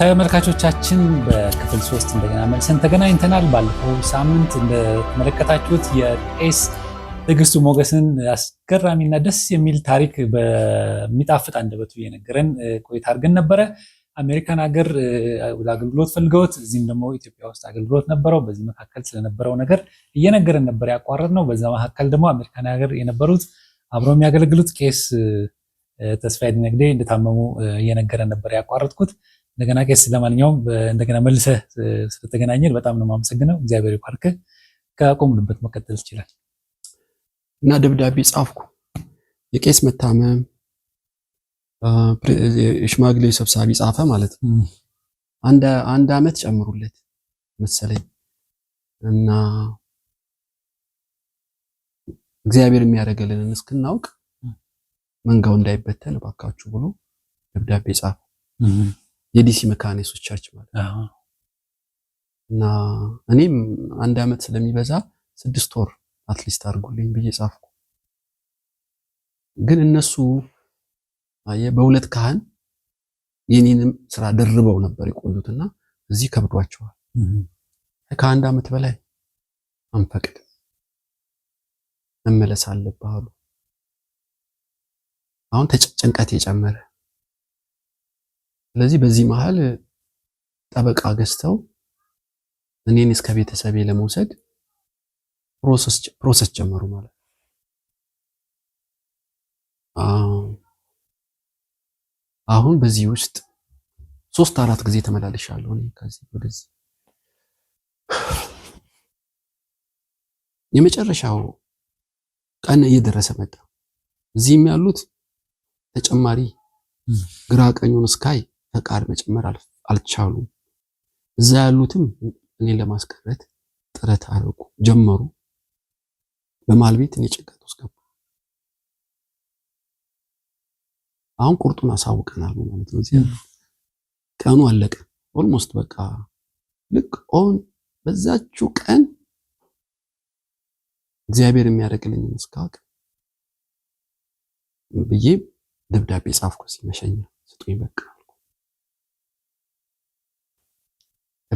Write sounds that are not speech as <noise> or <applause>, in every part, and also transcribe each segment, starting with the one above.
ተመልካቾቻችን በክፍል ሶስት እንደገና መልሰን ተገናኝተናል። ባለፈው ሳምንት እንደተመለከታችሁት የቄስ ትዕግስቱ ሞገስን አስገራሚና ደስ የሚል ታሪክ በሚጣፍጥ አንደበቱ እየነገረን ቆይታ አድርገን ነበረ። አሜሪካን ሀገር አገልግሎት ፈልገውት እዚህም ደግሞ ኢትዮጵያ ውስጥ አገልግሎት ነበረው። በዚህ መካከል ስለነበረው ነገር እየነገረን ነበር ያቋረጥ ነው። በዛ መካከል ደግሞ አሜሪካን ሀገር የነበሩት አብረው የሚያገለግሉት ቄስ ተስፋዬ ንግዴ እንደታመሙ እየነገረን ነበር ያቋረጥኩት። እንደገና ቄስ፣ ለማንኛውም እንደገና መልሰህ ስለተገናኘን በጣም ነው የማመሰግነው። እግዚአብሔር ይባርክ። ከቆምንበት መቀጠል ይችላል። እና ደብዳቤ ጻፍኩ። የቄስ መታመም የሽማግሌ ሰብሳቢ ጻፈ ማለት ነው። አንድ አንድ አመት ጨምሩለት መሰለኝ እና እግዚአብሔር የሚያደርግልንን እስክናውቅ መንጋው እንዳይበተን እባካችሁ ብሎ ደብዳቤ ጻፈ። የዲሲ መካኒሶች ቸርች ማለት እና እኔም አንድ አመት ስለሚበዛ ስድስት ወር አትሊስት አድርጉልኝ ብዬ ጻፍኩ። ግን እነሱ በሁለት ካህን የኔንም ስራ ደርበው ነበር የቆዩትና እዚህ ከብዷቸዋል። ከአንድ አመት በላይ አንፈቅድ መመለስ አለብህ አሉ። አሁን ጭንቀት የጨመረ ስለዚህ በዚህ መሀል ጠበቃ ገዝተው እኔን እስከ ቤተሰቤ ለመውሰድ ፕሮሰስ ጀመሩ ማለት ነው። አሁን በዚህ ውስጥ ሶስት አራት ጊዜ ተመላልሻለሁ እኔ ከዚህ ወደዚህ። የመጨረሻው ቀን እየደረሰ መጣ። እዚህም ያሉት ተጨማሪ ግራ ቀኙን እስካይ ፈቃድ መጨመር አልቻሉም። እዛ ያሉትም እኔን ለማስቀረት ጥረት አድርጉ ጀመሩ። በማልቤት እኔ ጭንቀት ውስጥ ገባ። አሁን ቁርጡን አሳውቀናል ማለት ነው። እዚህ ቀኑ አለቀ። ኦልሞስት በቃ ልክ ኦን በዛችው ቀን እግዚአብሔር የሚያደርግልኝ መስካቅ ብዬ ደብዳቤ ጻፍኩ። ሲመሸኛ ስጡኝ በቃ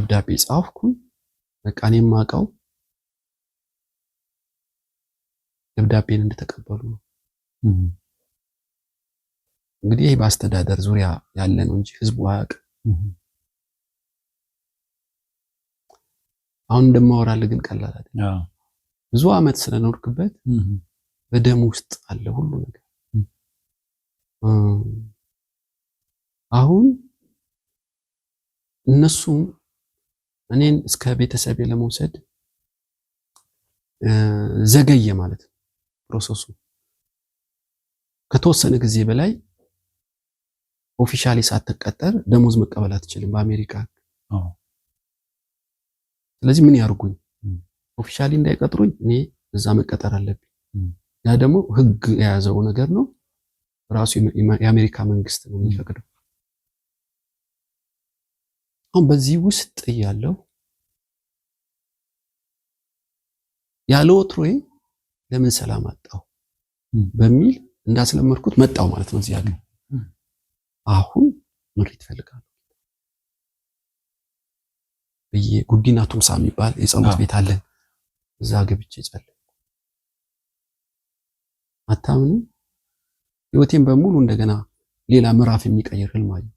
ደብዳቤ ጻፍኩኝ። በቃ እኔም አውቀው ደብዳቤን እንደተቀበሉ ነው። እንግዲህ ይሄ በአስተዳደር ዙሪያ ያለ ነው እንጂ ህዝቡ አያውቅም። አሁን እንደማወራልህ ግን ቀላል አይደለም። ብዙ አመት ስለኖርክበት በደም ውስጥ አለ ሁሉ ነገር። አሁን እነሱም እኔን እስከ ቤተሰቤ ለመውሰድ ዘገየ ማለት ነው። ፕሮሰሱ ከተወሰነ ጊዜ በላይ ኦፊሻሊ ሳትቀጠር ደሞዝ መቀበል አትችልም በአሜሪካ። ስለዚህ ምን ያርጉኝ? ኦፊሻሊ እንዳይቀጥሩኝ እኔ እዛ መቀጠር አለብኝ። ያ ደግሞ ህግ የያዘው ነገር ነው። ራሱ የአሜሪካ መንግስት ነው የሚፈቅደው። አሁን በዚህ ውስጥ ያለው ያለ ወትሮዬ ለምን ሰላም አጣው በሚል እንዳስለመድኩት መጣው ማለት ነው። እዚያ ሀገር አሁን ምሪት እፈልጋለሁ ብዬ ጉዲና ቱምሳ የሚባል የጸሎት ቤት አለ እዛ ገብቼ ጸለይኩ። አታምንም? ህይወቴን በሙሉ እንደገና ሌላ ምዕራፍ የሚቀይር ህልም አየሁ።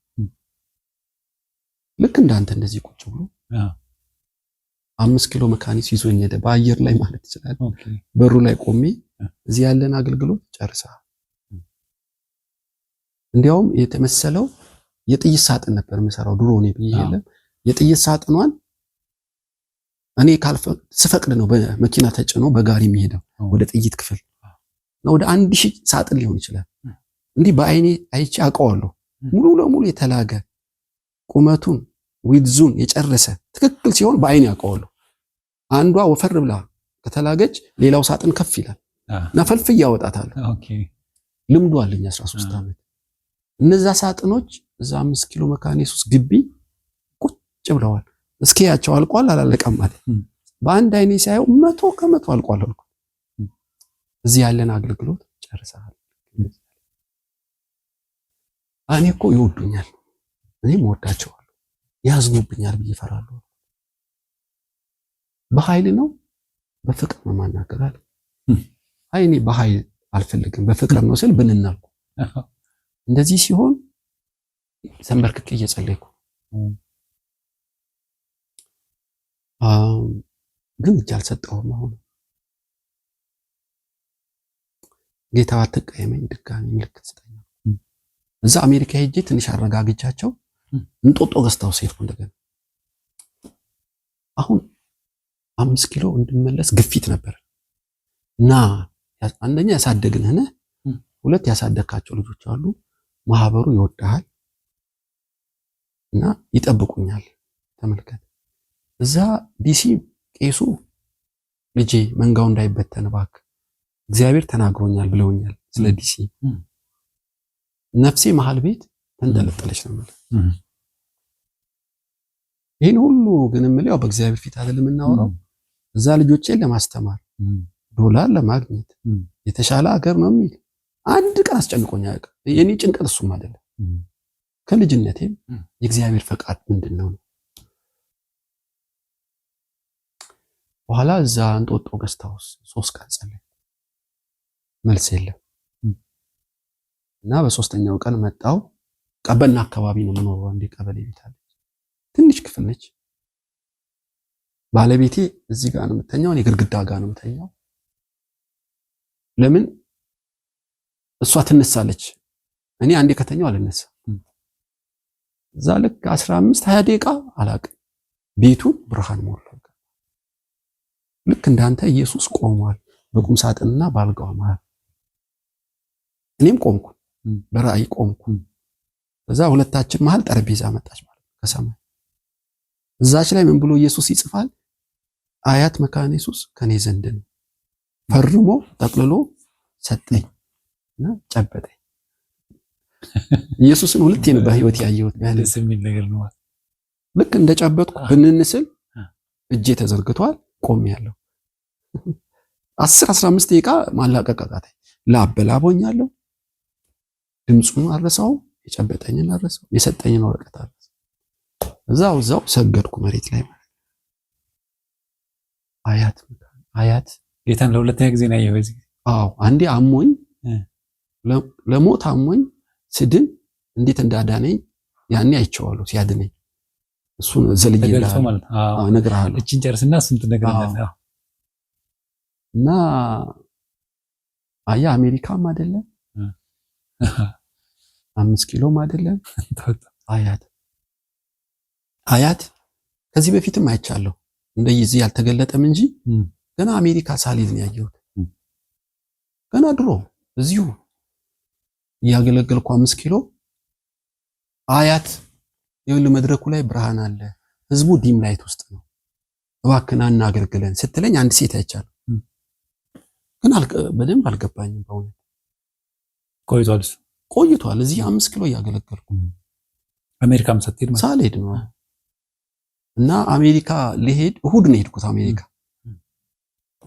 ልክ እንዳንተ እንደዚህ ቁጭ ብሎ አምስት ኪሎ መካኒስ ይዞኝ ሄደ። በአየር ላይ ማለት ይችላል። በሩ ላይ ቆሜ እዚህ ያለን አገልግሎት ጨርሳ እንዲያውም የተመሰለው የጥይት ሳጥን ነበር የምሰራው ድሮ እኔ ብዬ የለም የጥይት ሳጥኗን እኔ ስፈቅድ ነው በመኪና ተጭኖ በጋሪ የሚሄደው ወደ ጥይት ክፍል ነው። ወደ አንድ ሺህ ሳጥን ሊሆን ይችላል። እንዲህ በአይኔ አይቼ አውቀዋለሁ ሙሉ ለሙሉ የተላገ ቁመቱን ዊድዙን የጨረሰ ትክክል ሲሆን በአይን ያውቀዋለሁ። አንዷ ወፈር ብላ ከተላገች ሌላው ሳጥን ከፍ ይላል እና ፈልፍያ ልምዱ አለኝ 13 ዓመት። እነዛ ሳጥኖች እዛ አምስት ኪሎ መካኒስ ግቢ ቁጭ ብለዋል። እስኪ ያቸው አልቋል አላለቀም ማለት በአንድ አይኔ ሲያየው መቶ ከመቶ አልቋል አልኩ። እዚህ ያለን አገልግሎት ጨርሰሃል። እኔ እኮ ይወዱኛል እኔም እወዳቸዋለሁ። ያዝኑብኛል ብዬ እፈራለሁ። በኃይል ነው በፍቅር ነው ማናገራል። አይ እኔ በኃይል አልፈልግም በፍቅር ነው ስል ብንናልኩ እንደዚህ ሲሆን ተንበርክኬ እየጸለይኩ ግን እጅ አልሰጠውም። አሁን ጌታ አትቀየመኝ፣ ድጋሚ ምልክት ስጠኝ። እዛ አሜሪካ ሄጄ ትንሽ አረጋግቻቸው እንጦጦ ገስታው ሴት እንደገና አሁን አምስት ኪሎ እንድመለስ ግፊት ነበር እና አንደኛ ያሳደግንህ ነህ፣ ሁለት ያሳደግካቸው ልጆች አሉ። ማህበሩ ይወድሃል እና ይጠብቁኛል። ተመልከት፣ እዛ ዲሲ ቄሱ ልጄ መንጋው እንዳይበተን እባክህ እግዚአብሔር ተናግሮኛል ብለውኛል። ስለ ዲሲ ነፍሴ መሀል ቤት ተንጠለጠለች ነው ማለት ይህን ሁሉ ግን የምልህ ያው በእግዚአብሔር ፊት አይደል የምናወራው፣ እዛ ልጆቼን ለማስተማር ዶላር ለማግኘት የተሻለ ሀገር ነው የሚል አንድ ቀን አስጨንቆኝ አያውቅም። የኔ ጭንቀት እሱም አይደለም። ከልጅነቴም የእግዚአብሔር ፈቃድ ምንድን ነው ነው። በኋላ እዛ እንጦጦ ገስታውስ ሶስት ቀን ጸለይ፣ መልስ የለም እና በሶስተኛው ቀን መጣው። ቀበና አካባቢ ነው የምኖረው፣ እንደ ቀበሌ ቤት አለ ትንሽ ክፍል ነች። ባለቤቴ እዚህ ጋር ነው የምተኛው፣ እኔ ግድግዳ ጋር ነው የምተኛው። ለምን እሷ ትነሳለች፣ እኔ አንዴ ከተኛው አልነሳ። እዛ ልክ 15 20 ደቂቃ አላቅም፣ ቤቱ ብርሃን ሞልቷል። ልክ እንዳንተ ኢየሱስ ቆሟል በቁም ሳጥንና ባልጋው እኔም ቆምኩ፣ በራእይ ቆምኩ። በዛ ሁለታችን መሃል ጠረጴዛ መጣች ማለት ከሰማይ እዛች ላይ ምን ብሎ ኢየሱስ ይጽፋል? አያት መካነ ኢየሱስ ከኔ ዘንድ ነው። ፈርሞ ጠቅልሎ ሰጠኝ እና ጨበጠኝ። ኢየሱስን ሁለቴ ነው በህይወት ያየሁት። ልክ እንደጨበጥኩ ብንንስል እጄ ተዘርግቷል፣ ቆሜያለሁ። አስር አስራ አምስት ደቂቃ ማላቀቅ አቃተኝ። ላበላቦኛለሁ። ድምፁን አረሳው፣ የጨበጠኝን አረሳው፣ የሰጠኝን ወረቀት አረሳው። እዛው እዛው ሰገድኩ መሬት ላይ ማለት አያት አያት ጌታን ለሁለተኛ ጊዜ ነው ያየው። እዚህ አዎ፣ አንዴ አሞኝ ለሞት አሞኝ ስድን እንዴት እንዳዳነኝ ያኔ አይቼዋለሁ። ሲያድነኝ እሱ ዘልዬ እነግርሃለሁ። እቺን ጨርስና ስንት ነገር አለ እና አያ አሜሪካም አይደለም አምስት ኪሎም አይደለም አያት አያት ከዚህ በፊትም አይቻለሁ እንደዚህ ያልተገለጠም እንጂ ገና አሜሪካ ሳልሄድ ነው ያየሁት። ገና ድሮ እዚሁ እያገለገልኩ አምስት ኪሎ አያት የሁሉ መድረኩ ላይ ብርሃን አለ፣ ህዝቡ ዲም ላይት ውስጥ ነው፣ እባክና አናገልግለን ስትለኝ አንድ ሴት አይቻለሁ። ግን በደንብ አልገባኝም። በእውነት ቆይቷል ቆይቷል። እዚህ አምስት ኪሎ እያገለገልኩ አሜሪካም ሳትሄድ ነው እና አሜሪካ ሊሄድ እሁድ ነው የሄድኩት። አሜሪካ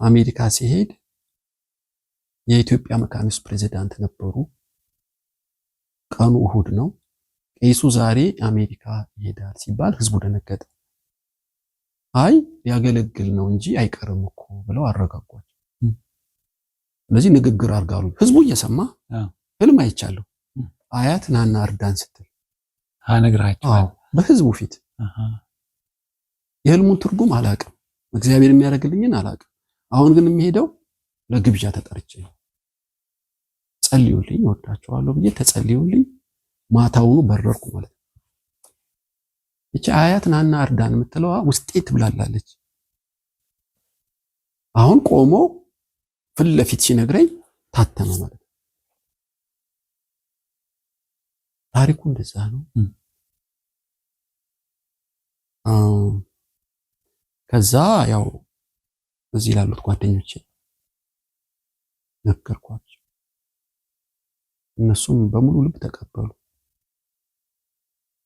አሜሪካ ሲሄድ የኢትዮጵያ መካኒስ ፕሬዚዳንት ነበሩ። ቀኑ እሁድ ነው። ቄሱ ዛሬ አሜሪካ ይሄዳል ሲባል ህዝቡ ደነገጠ። አይ ሊያገለግል ነው እንጂ አይቀርም እኮ ብለው አረጋጓቸው። ስለዚህ ንግግር አድርጋሉ። ህዝቡ እየሰማ ህልም አይቻለሁ። አያት ናና እርዳን ስትል ነግራቸው በህዝቡ ፊት የህልሙን ትርጉም አላቅም። እግዚአብሔር የሚያደርግልኝን አላቅም። አሁን ግን የሚሄደው ለግብዣ ተጠርቼ ጸልዩልኝ፣ እወዳቸዋለሁ ብዬ ተጸልዩልኝ፣ ማታውኑ በረርኩ ማለት ነው። ይቺ አያት ናና እርዳን የምትለዋ ውስጤ ትብላላለች። አሁን ቆሞ ፊት ለፊት ሲነግረኝ ታተመ ማለት ነው። ታሪኩ እንደዛ ነው። ከዛ ያው እዚህ ላሉት ጓደኞቼ ነገርኳቸው። እነሱም በሙሉ ልብ ተቀበሉ።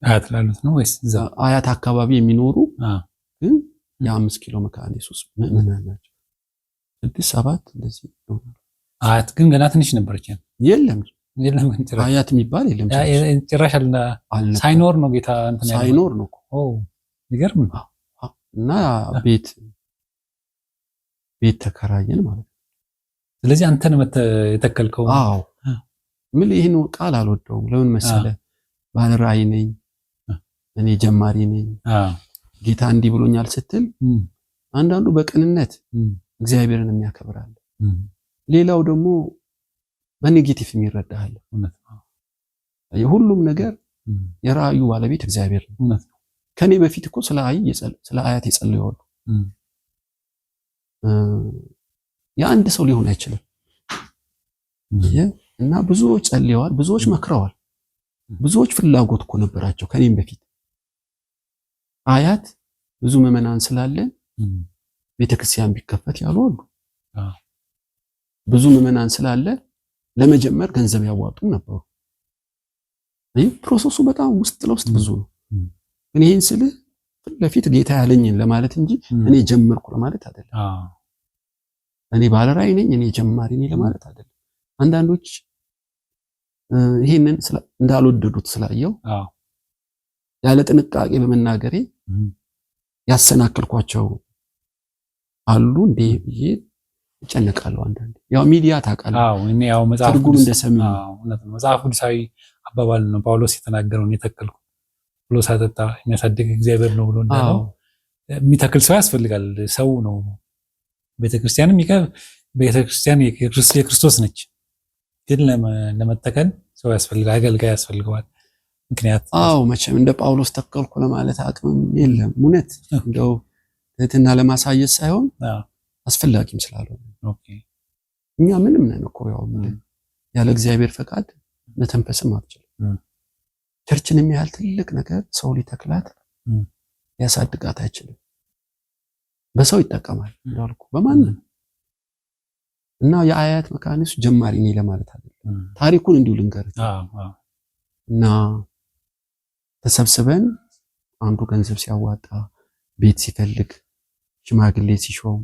አያት ላሉት ነው ወይስ እዛ አያት አካባቢ የሚኖሩ ግን የአምስት ኪሎ መካነ ኢየሱስ ምዕመናን ናቸው። ስድስት ሰባት እንደዚህ አያት ግን ገና ትንሽ ነበረች። የለም የለም አያት የሚባል የለም ጭራሽ ሳይኖር ነው ጌታ እንትን ሳይኖር ነው። ይገርም ነው እና ቤት ቤት ተከራየን ማለት ነው። ስለዚህ አንተን የተከልከው? አዎ። ምን ይህን ቃል አልወደውም። ለምን መሰለ? ባለ ራእይ ነኝ እኔ ጀማሪ ነኝ። ጌታ እንዲህ ብሎኛል ስትል አንዳንዱ በቅንነት እግዚአብሔርን የሚያከብራል፣ ሌላው ደግሞ በኔጌቲቭ የሚረዳሃል። ሁሉም ነገር የራእዩ ባለቤት እግዚአብሔር ነው። ከኔ በፊት እኮ ስለ አይ ስለ አያት የጸለዩ አሉ። የአንድ ሰው ሊሆን አይችልም። እና ብዙዎች ጸልየዋል፣ ብዙዎች መክረዋል፣ ብዙዎች ፍላጎት እኮ ነበራቸው ከኔም በፊት አያት ብዙ ምዕመናን ስላለን ቤተክርስቲያን ቢከፈት ያሉ አሉ። ብዙ ምዕመናን ስላለ ለመጀመር ገንዘብ ያዋጡም ነበሩ። ይህ ፕሮሰሱ በጣም ውስጥ ለውስጥ ብዙ ነው። እኔ ይህን ስልህ ፊት ለፊት ጌታ ያለኝን ለማለት እንጂ እኔ ጀመርኩ ለማለት አይደለም። እኔ ባለራይ ነኝ፣ እኔ ጀማሪ ነኝ ለማለት አይደለም። አንዳንዶች ይህንን እንዳልወደዱት ስላየው ያለ ጥንቃቄ በመናገሬ ያሰናክልኳቸው አሉ እንዴ ብዬ እጨነቃለሁ። አንዳንዴ ያው ሚዲያ ታውቃለህ፣ ትርጉም እንደሰሚ መጽሐፍ ቅዱሳዊ አባባል ነው ጳውሎስ የተናገረውን የተከልኩ ብሎ ሳጠጣ የሚያሳድግ እግዚአብሔር ነው ብሎ እንዳለው የሚተክል ሰው ያስፈልጋል። ሰው ነው። ቤተክርስቲያንም ቤተክርስቲያን የክርስቶስ ነች፣ ግን ለመተከል ሰው ያስፈልጋል፣ አገልጋይ ያስፈልገዋል። ምክንያት አዎ፣ መቼም እንደ ጳውሎስ ተከልኩ ለማለት አቅምም የለም። እውነት እንደው ትህትና ለማሳየት ሳይሆን አስፈላጊም ስላልሆነ እኛ ምንም ነን እኮ ያው ያለ እግዚአብሔር ፈቃድ መተንፈስም አትችልም። ቸርችን የሚያህል ትልቅ ነገር ሰው ሊተክላት ሊያሳድጋት አይችልም። በሰው ይጠቀማል እንዳልኩ በማንም እና የአያት መካኒስ ጀማሪ እኔ ለማለት አይደለም። ታሪኩን እንዲሁ ልንገር እና ተሰብስበን አንዱ ገንዘብ ሲያዋጣ፣ ቤት ሲፈልግ፣ ሽማግሌ ሲሾም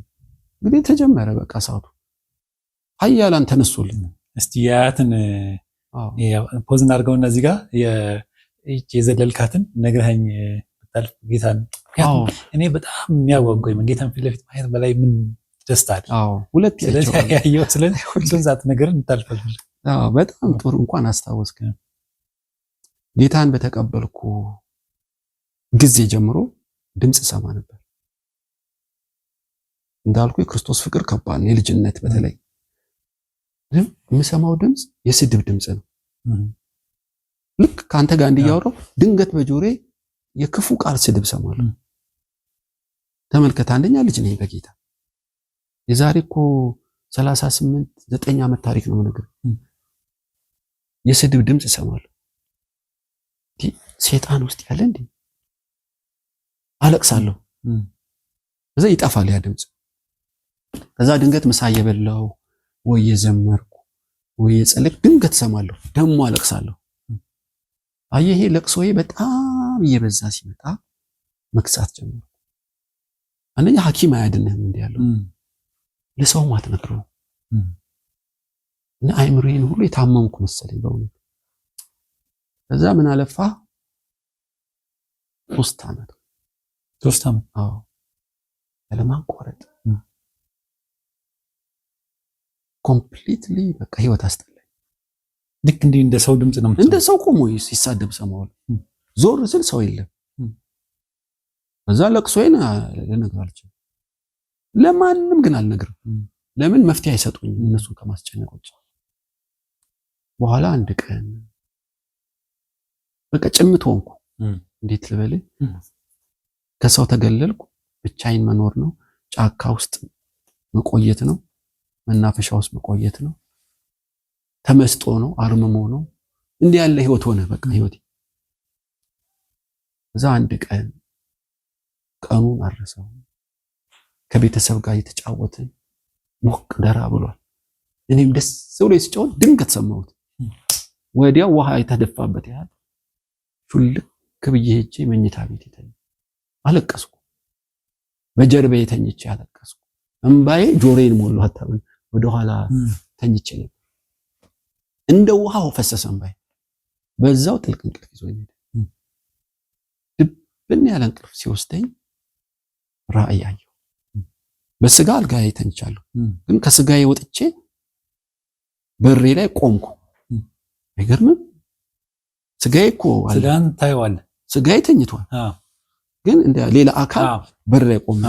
እንግዲህ ተጀመረ። በቃ ሰዓቱ ሀያላን ተነሱልን። እስቲ የአያትን ፖዝ እናድርገውና እዚህ ጋር ይች የዘለልካትን ነግረኸኝ ብታልፍ ጌታን እኔ በጣም የሚያጓጓኝ ጌታን ፊት ለፊት ማየት በላይ ምን ደስታ አለ። ስለዚህ <laughs> ሁሉን ዛት ነገር እንታልፈል በጣም ጥሩ እንኳን አስታወስክ። ጌታን በተቀበልኩ ጊዜ ጀምሮ ድምፅ ሰማ ነበር እንዳልኩ የክርስቶስ ፍቅር ከባድ ነው። የልጅነት በተለይ የምሰማው ድምፅ የስድብ ድምፅ ነው። ከአንተ ጋር እንዲያወራው ድንገት በጆሬ የክፉ ቃል ስድብ ሰማለሁ። ተመልከት፣ አንደኛ ልጅ ነኝ በጌታ የዛሬ እኮ ሰላሳ ስምንት ዓመት ታሪክ ነው ነገር የስድብ ድምፅ እሰማለሁ። ሴጣን ውስጥ ያለ እንዴ አለቅሳለሁ። እዛ ይጠፋል ያ ድምፅ። ከዛ ድንገት ምሳ እየበላሁ ወይ የዘመርኩ ወይ የጸለይኩ ድንገት እሰማለሁ፣ ደግሞ አለቅሳለሁ። አየህ ይሄ ለቅሶዬ በጣም እየበዛ ሲመጣ መክሳት ጀመርኩ። አንደኛ ሐኪም አያድንህም እንዲህ ያለው ለሰውም አትነግረው እና አይምሮዬን ሁሉ የታመምኩ መሰለኝ በእውነት። ከዛ ምን አለፋ ሶስት ዓመት ሶስት ዓመት አዎ ያለማቋረጥ ኮምፕሊትሊ በቃ ህይወት አስጠላ ልክ እንዲህ እንደ ሰው ድምፅ ነው። እንደ ሰው ቆሞ ሲሳደብ ሰማዋል። ዞር ስል ሰው የለም። በዛ ለቅሶዬን ልነግር አልችልም። ለማንም ግን አልነግርም። ለምን መፍትሄ አይሰጡኝም እነሱን ከማስጨነቅ ውጭ። በኋላ አንድ ቀን በቃ ጭምት ሆንኩ። እንዴት ልበል? ከሰው ተገለልኩ። ብቻዬን መኖር ነው፣ ጫካ ውስጥ መቆየት ነው፣ መናፈሻ ውስጥ መቆየት ነው። ተመስጦ ነው፣ አርምሞ ነው። እንዲህ ያለ ህይወት ሆነ። በቃ ህይወት እዛ አንድ ቀን ቀኑን አረሰው ከቤተሰብ ጋር እየተጫወትን ሞቅ ደራ ብሏል። እኔም ደስ ብሎ ስጫወት ድንገት ሰማሁት። ወዲያው ውሃ የተደፋበት ያህል ሹልክ ብዬ ሄጄ መኝታ ቤት የተኝ አለቀስኩ። በጀርባ የተኝቼ አለቀስኩ። እምባዬ ጆሮዬን ሞሉ። ወደኋላ ተኝቼ ነበር። እንደ ውሃው ፈሰሰም ባይ በዛው ጥልቅ እንቅልፍ ይዞኝ ሄደ። ድብን ያለ እንቅልፍ ሲወስደኝ ራእይ አየሁ። በስጋ አልጋዬ ተኝቻለሁ፣ ግን ከስጋዬ ወጥቼ በሬ ላይ ቆምኩ። አይገርምም? ስጋዬ እኮ ስጋን ታየዋለህ። ስጋዬ ተኝቷል፣ ግን እንደ ሌላ አካል በሬ ላይ ቆም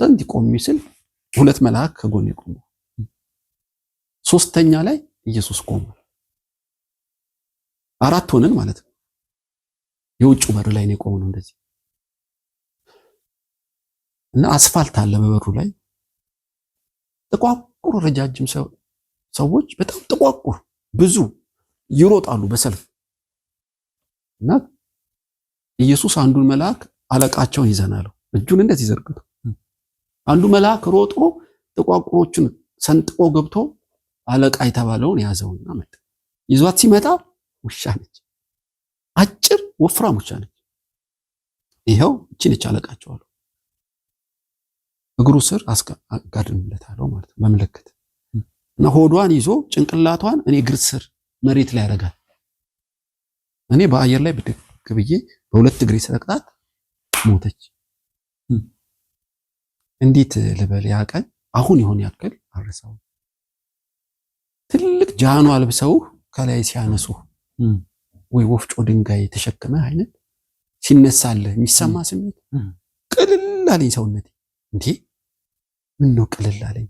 ዘንድ ቆም ስል ሁለት መልአክ ከጎን ቆሙ። ሶስተኛ ላይ ኢየሱስ ቆመ። አራት ሆነን ማለት ነው። የውጭ በር ላይ ነው የቆመው እንደዚህ እና አስፋልት አለ በበሩ ላይ ጥቋቁር ረጃጅም ሰዎች በጣም ጥቋቁር ብዙ ይሮጣሉ በሰልፍ እና ኢየሱስ አንዱን መልአክ አለቃቸውን ይዘናለው እጁን እንደዚህ ዘርግቶ አንዱ መልአክ ሮጦ ጥቋቁሮቹን ሰንጥቆ ገብቶ አለቃ የተባለውን ያዘውና መጣ። ይዟት ሲመጣ ውሻ ነች፣ አጭር ወፍራም ውሻ ነች። ይኸው እቺ ነች አለቃቸው አለው። እግሩ ስር አጋድምለት አለው ማለት ነው እና ሆዷን ይዞ ጭንቅላቷን እኔ እግር ስር መሬት ላይ ያደርጋል። እኔ በአየር ላይ ብድግ ብዬ በሁለት እግሬ ስለቅጣት ሞተች። እንዴት ልበል? ያቀን አሁን የሆን ያክል አረሳው። ጃኑ አልብሰው ከላይ ሲያነሱ ወይ ወፍጮ ድንጋይ ተሸክመ አይነት ሲነሳለ የሚሰማ ስሜት ቅልል አለኝ ሰውነቴ። እንዴ ምን ነው ቅልል አለኝ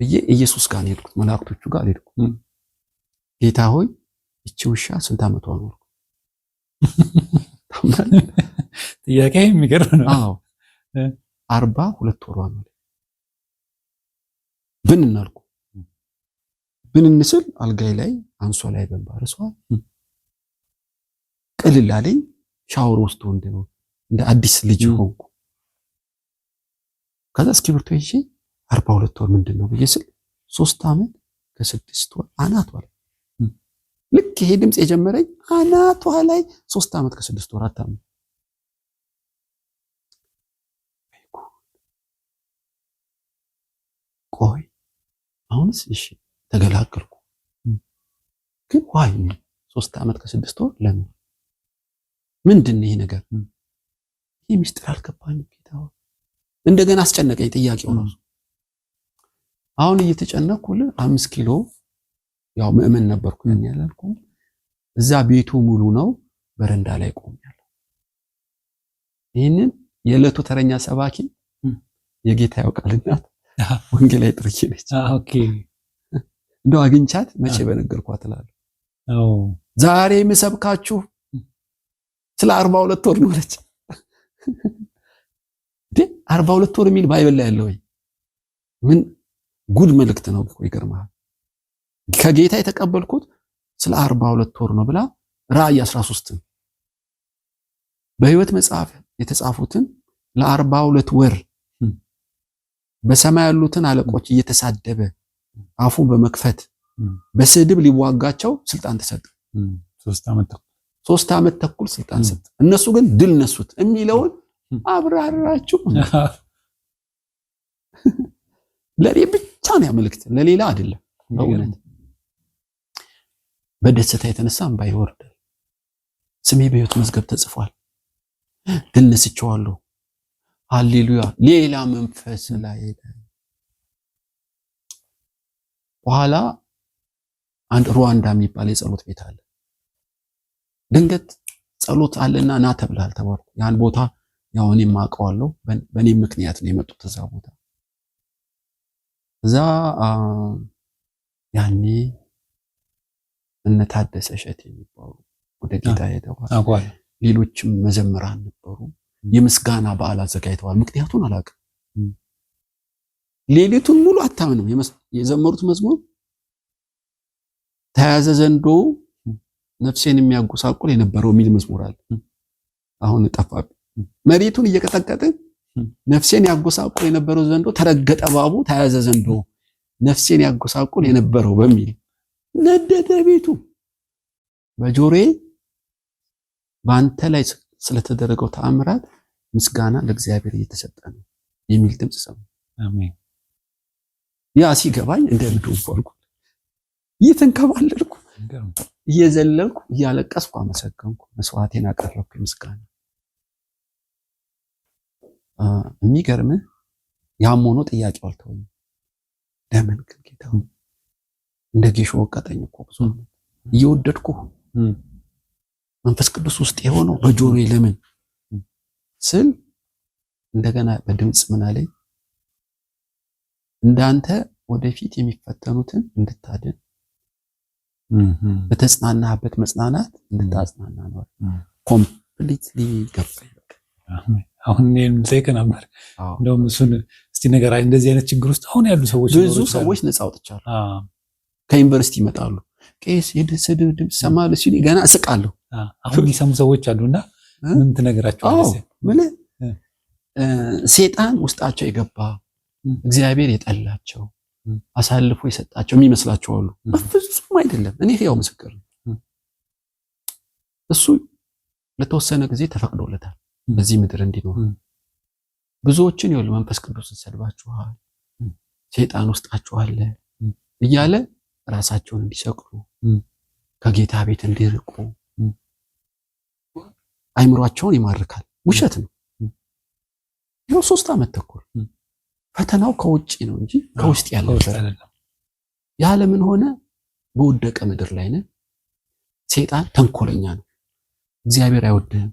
ብዬ ኢየሱስ ጋር ሄድኩት፣ መላእክቶቹ ጋር ሄድኩ። ጌታ ሆይ እቺ ውሻ ስንት ዓመቷ ነው? <laughs> ጥያቄ የሚገርም ነው። አዎ አርባ ሁለት ወሯ ነው ብን እናልኩ ምን እንስል አልጋይ ላይ አንሶላ ላይ በንባርሷ ቅልል አለኝ። ሻወር ወስዶ እንደ አዲስ ልጅ ሆንኩ። ከዛ እስክሪብቶ ይዤ አርባ ሁለት ወር ምንድን ነው ብዬ ስል ሶስት ዓመት ከስድስት ወር አናቷ ላይ ልክ ይሄ ድምፅ የጀመረኝ አናቷ ላይ ሶስት ዓመት ከስድስት ወር አታም ቆይ አሁንስ እሺ ተገላገልኩ። ግን ዋይ ሶስት ዓመት ከስድስት ወር ለምን ምንድን ይሄ ነገር ይህ ሚስጥር አልገባኝም። ጌታ እንደገና አስጨነቀኝ ጥያቄው ራሱ። አሁን እየተጨነቅኩ አምስት ኪሎ ያው ምእመን ነበርኩ ያላልኩ እዛ ቤቱ ሙሉ ነው። በረንዳ ላይ ቆሜያለሁ። ይህንን የዕለቱ ተረኛ ሰባኪ የጌታ ያውቃል እናት ወንጌላዊ ጥሩዬ ነች። እንደው አግኝቻት መቼ በነገርኳት እላለሁ። ዛሬ የምሰብካችሁ ስለ አርባ ሁለት ወር ነው አለች። አርባ ሁለት ወር የሚል ባይብል ላይ ያለው ምን ጉድ መልእክት ነው እኮ ይገርማል። ከጌታ የተቀበልኩት ስለ አርባ ሁለት ወር ነው ብላ ራእይ 13 በህይወት መጽሐፍ የተጻፉትን ለአርባ ሁለት ወር በሰማይ ያሉትን አለቆች እየተሳደበ አፉን በመክፈት በስድብ ሊዋጋቸው ስልጣን ተሰጠ። ሶስት ዓመት ተኩል ስልጣን ሰጠ። እነሱ ግን ድል ነሱት የሚለውን አብራራችሁ። ለእኔ ብቻ ነው ያመልክት ለሌላ አይደለም። በእውነት በደስታ የተነሳ እምባ ይወርዳል። ስሜ በሕይወት መዝገብ ተጽፏል። ድል ነስቼዋለሁ። ሃሌሉያ ሌላ መንፈስ ላይ በኋላ አንድ ሩዋንዳ የሚባል የጸሎት ቤት አለ። ድንገት ጸሎት አለና ና ተብላል ተባልኩ። ያን ቦታ ያው እኔም አውቀዋለሁ። በእኔ ምክንያት ነው የመጡት እዛ ቦታ። እዛ ያኔ እነታደሰ እሸት የሚባሉ ወደ ጌታ ሄደዋል። ሌሎችም መዘምራን ነበሩ። የምስጋና በዓል አዘጋጅተዋል። ምክንያቱን አላውቅም። ሌሊቱን ሙሉ አታምንም። የዘመሩት መዝሙር ተያዘ ዘንዶ ነፍሴን የሚያጎሳቁል የነበረው የሚል መዝሙር አለ። አሁን ጠፋብኝ። መሬቱን እየቀጠቀጠ ነፍሴን ያጎሳቁል የነበረው ዘንዶ ተረገጠ፣ ባቡ ተያዘ ዘንዶ ነፍሴን ያጎሳቁል የነበረው በሚል ነደደ ቤቱ። በጆሬ በአንተ ላይ ስለተደረገው ተአምራት ምስጋና ለእግዚአብሔር እየተሰጠ ነው የሚል ድምፅ ሰማሁ። አሜን። ያ ሲገባኝ እንደ እብድ እየተንከባለልኩ እየዘለልኩ እያለቀስኩ አመሰገንኩ፣ መስዋዕቴን አቀረብኩ። ምስጋና የሚገርም ያም ሆኖ ጥያቄው አልተወኝ። ለምን ግን ጌታ እንደ ጌሾ ወቀጠኝ እኮ ብዙ እየወደድኩ መንፈስ ቅዱስ ውስጥ የሆነው በጆሮ ለምን ስል እንደገና በድምፅ ምን አለኝ? እንዳንተ ወደፊት የሚፈተኑትን እንድታድን በተጽናናህበት መጽናናት እንድታጽናና ነው። ኮምፕሊትሊ ገባኝ። አሁን እኔም ልጠይቅህ ነበር። እንደውም እሱን እስቲ ነገር እንደዚህ አይነት ችግር ውስጥ አሁን ያሉ ሰዎች ብዙ ሰዎች ነጻ አውጥቻለሁ። ከዩኒቨርሲቲ ይመጣሉ። ቄስ የስድብ ድምፅ ሰማለ ሲሉ ገና እስቃለሁ። አሁን ሊሰሙ ሰዎች አሉና ምን ትነግራቸዋለህ? ሴጣን ውስጣቸው የገባ እግዚአብሔር የጠላቸው አሳልፎ የሰጣቸው የሚመስላቸው አሉ። በፍጹም አይደለም። እኔ ያው ምስክር ነው። እሱ ለተወሰነ ጊዜ ተፈቅዶለታል በዚህ ምድር እንዲኖር። ብዙዎችን ይኸውልህ መንፈስ ቅዱስን ሰድባችኋል፣ ሰይጣን ውስጣችሁ አለ እያለ ራሳቸውን እንዲሰቅሉ ከጌታ ቤት እንዲርቁ አይምሯቸውን ይማርካል። ውሸት ነው። ይኸው ሶስት ዓመት ተኩል ፈተናው ከውጭ ነው እንጂ ከውስጥ ያለ ያለምን ሆነ በወደቀ ምድር ላይ ነን። ሴጣን ተንኮለኛ ነው። እግዚአብሔር አይወድህም።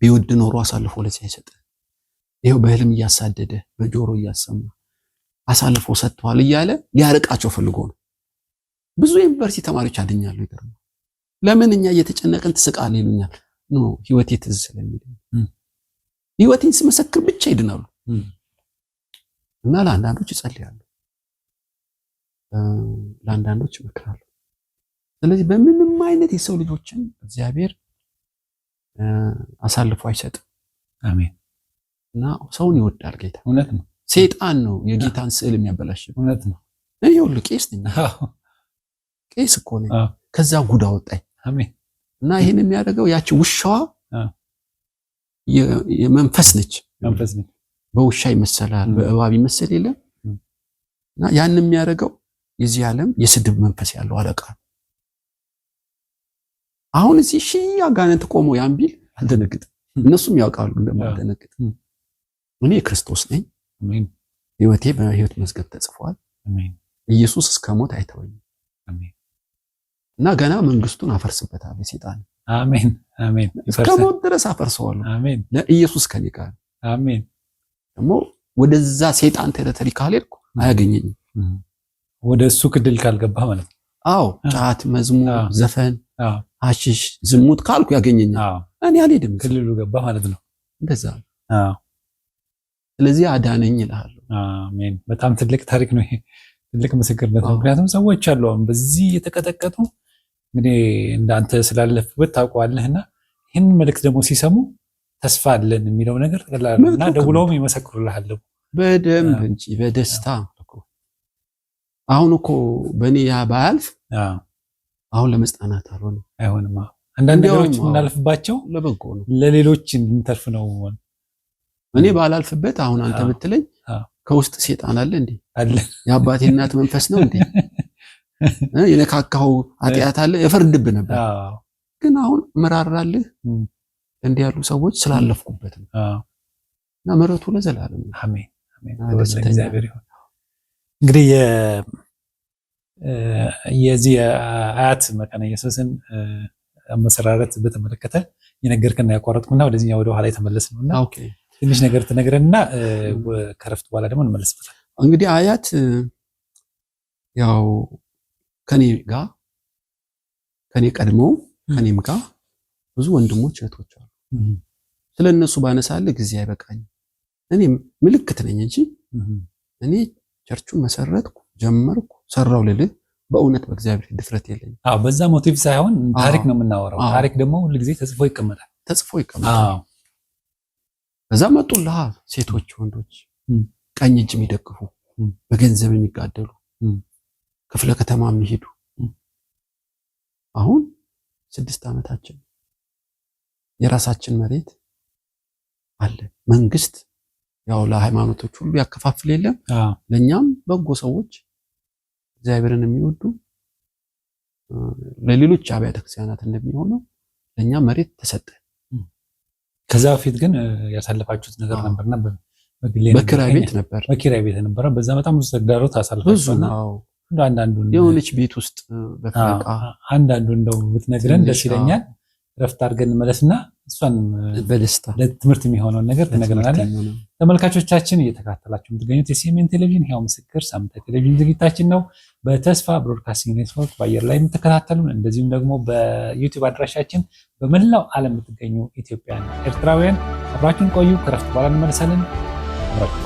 ቢወድ ኖሮ አሳልፎ ለዚህ አይሰጥ። ይሄው በህልም እያሳደደ በጆሮ እያሰማ አሳልፎ ሰጥቷል እያለ ሊያርቃቸው ፈልጎ ነው። ብዙ ዩኒቨርሲቲ ተማሪዎች አድኛሉ። ይገርም ለምን እኛ እየተጨነቅን ትስቃል ይሉኛል። ኖ ህይወቴ ትዝ ስለሚል ህይወቴን ስመሰክር ብቻ ይድናሉ። እና ለአንዳንዶች ይጸልያሉ፣ ለአንዳንዶች ይመክራሉ። ስለዚህ በምንም አይነት የሰው ልጆችን እግዚአብሔር አሳልፎ አይሰጥም። አሜን። እና ሰውን ይወዳል ጌታ። እውነት ነው። ሴጣን ነው የጌታን ስዕል የሚያበላሽ። እውነት ነው። ሁሉ ቄስ ነኝ፣ ቄስ እኮ ነኝ። ከዛ ጉዳ ወጣኝ። አሜን። እና ይህን የሚያደርገው ያቺ ውሻዋ የመንፈስ ነች። መንፈስ ነች በውሻ ይመሰላል፣ በእባብ ይመሰል የለም እና ያን የሚያደርገው የዚህ ዓለም የስድብ መንፈስ ያለው አለቃ አሁን እዚህ ሺህ አጋንንት ቆሞ ያን ቢል እነሱም ያውቃሉ እንደማልደነግጥም። እኔ የክርስቶስ ነኝ። ህይወቴ በህይወት መዝገብ ተጽፏል። ኢየሱስ እስከ ሞት አይተወኝም እና ገና መንግስቱን አፈርስበታለሁ። ሰይጣን አሜን አሜን፣ እስከ ሞት ድረስ አፈርሰዋለሁ። ለኢየሱስ ከኔ ጋር አሜን። ደግሞ ወደዛ ሴጣን ቴሪተሪ ካልሄድኩ አያገኘኝም። ወደ እሱ ክድል ካልገባ ማለት ነው። አዎ ጫት፣ መዝሙር፣ ዘፈን፣ አሽሽ፣ ዝሙት ካልኩ ያገኘኛል። እኔ አልሄድም። ክልሉ ገባ ማለት ነው። እንደዛ ስለዚህ አዳነኝ እልሃለሁ። አሜን። በጣም ትልቅ ታሪክ ነው ይሄ፣ ትልቅ ምስክርነት ነው። ምክንያቱም ሰዎች አሉ አሁን በዚህ እየተቀጠቀጡ እንግዲህ እንዳንተ ስላለፍበት ታውቀዋለህና ይህን መልእክት ደግሞ ሲሰሙ ተስፋ አለን የሚለው ነገር ቀላል እና ደውለውም ይመሰክሩልሃል። በደንብ እንጂ በደስታ አሁን እኮ በእኔ ያ ባያልፍ አሁን ለመጽናናት አልሆነ አይሆንም። አንዳንድ ነገሮች የምናልፍባቸው ለበጎ ነው፣ ለሌሎች እንድንተርፍ ነው። እኔ ባላልፍበት አሁን አንተ ብትለኝ ከውስጥ ሴጣን አለ እንዴ? የአባቴ እናት መንፈስ ነው እንዴ? <laughs> የነካካው ኃጢአት አለ የፈርድብ ነበር። ግን አሁን እመራራልህ እንዲህ ያሉ ሰዎች ስላለፍኩበት ነው እና ምሕረቱ ለዘላለም አሜን አሜን። እንግዲህ የዚህ የአያት መካነ ኢየሱስን አመሰራረት በተመለከተ የነገርከን ያቋረጥኩና ወደዚህኛው ወደ ኋላ የተመለስ ነውና ትንሽ ነገር ትነግረንና ከረፍት በኋላ ደግሞ እንመለስበታል። እንግዲህ አያት ያው ከኔ ጋር ከኔ ቀድሞ ከኔም ጋር ብዙ ወንድሞች እህቶች አሉ። ስለ እነሱ ባነሳልህ ጊዜ አይበቃኝም። እኔ ምልክት ነኝ እንጂ እኔ ቸርቹን መሰረትኩ፣ ጀመርኩ፣ ሰራው ልልህ በእውነት በእግዚአብሔር ድፍረት የለኝም። አዎ፣ በዛ ሞቲቭ ሳይሆን ታሪክ ነው የምናወራው። ታሪክ ደግሞ ሁልጊዜ ተጽፎ ይቀመጣል፣ ተጽፎ ይቀመጣል። መጡ መጡልህ ሴቶች፣ ወንዶች ቀኝ እጅ የሚደግፉ በገንዘብ የሚጋደሉ ክፍለ ከተማ የሚሄዱ አሁን ስድስት ዓመታችን የራሳችን መሬት አለ። መንግስት ያው ለሃይማኖቶች ሁሉ ያከፋፍል የለም። ለእኛም በጎ ሰዎች እግዚአብሔርን የሚወዱ ለሌሎች አብያተ ክርስቲያናት እንደሚሆነው ለእኛ መሬት ተሰጠ። ከዛ በፊት ግን ያሳለፋችሁት ነገር ነበርና በኪራይ ቤት ነበር፣ በኪራይ ቤት ነበር። በዛ በጣም ብዙ ተግዳሮት አሳልፋችሁና አንዳንዱ የሆነች ቤት ውስጥ በቃ አንዳንዱ እንደው ብትነግረን ደስ ይለኛል። ረፍት አድርገን እንመለስና እሷን በደስታ ለትምህርት የሚሆነውን ነገር ትነግረናለን። ተመልካቾቻችን እየተከታተላችሁ የምትገኙት የሲኤምኤን ቴሌቪዥን ህያው ምስክር ሳምንታዊ ቴሌቪዥን ዝግጅታችን ነው። በተስፋ ብሮድካስቲንግ ኔትወርክ በአየር ላይ የምትከታተሉን እንደዚሁም ደግሞ በዩቲዩብ አድራሻችን በመላው ዓለም የምትገኙ ኢትዮጵያን፣ ኤርትራውያን አብራችሁን ቆዩ። ከረፍት በኋላ እንመለሳለን።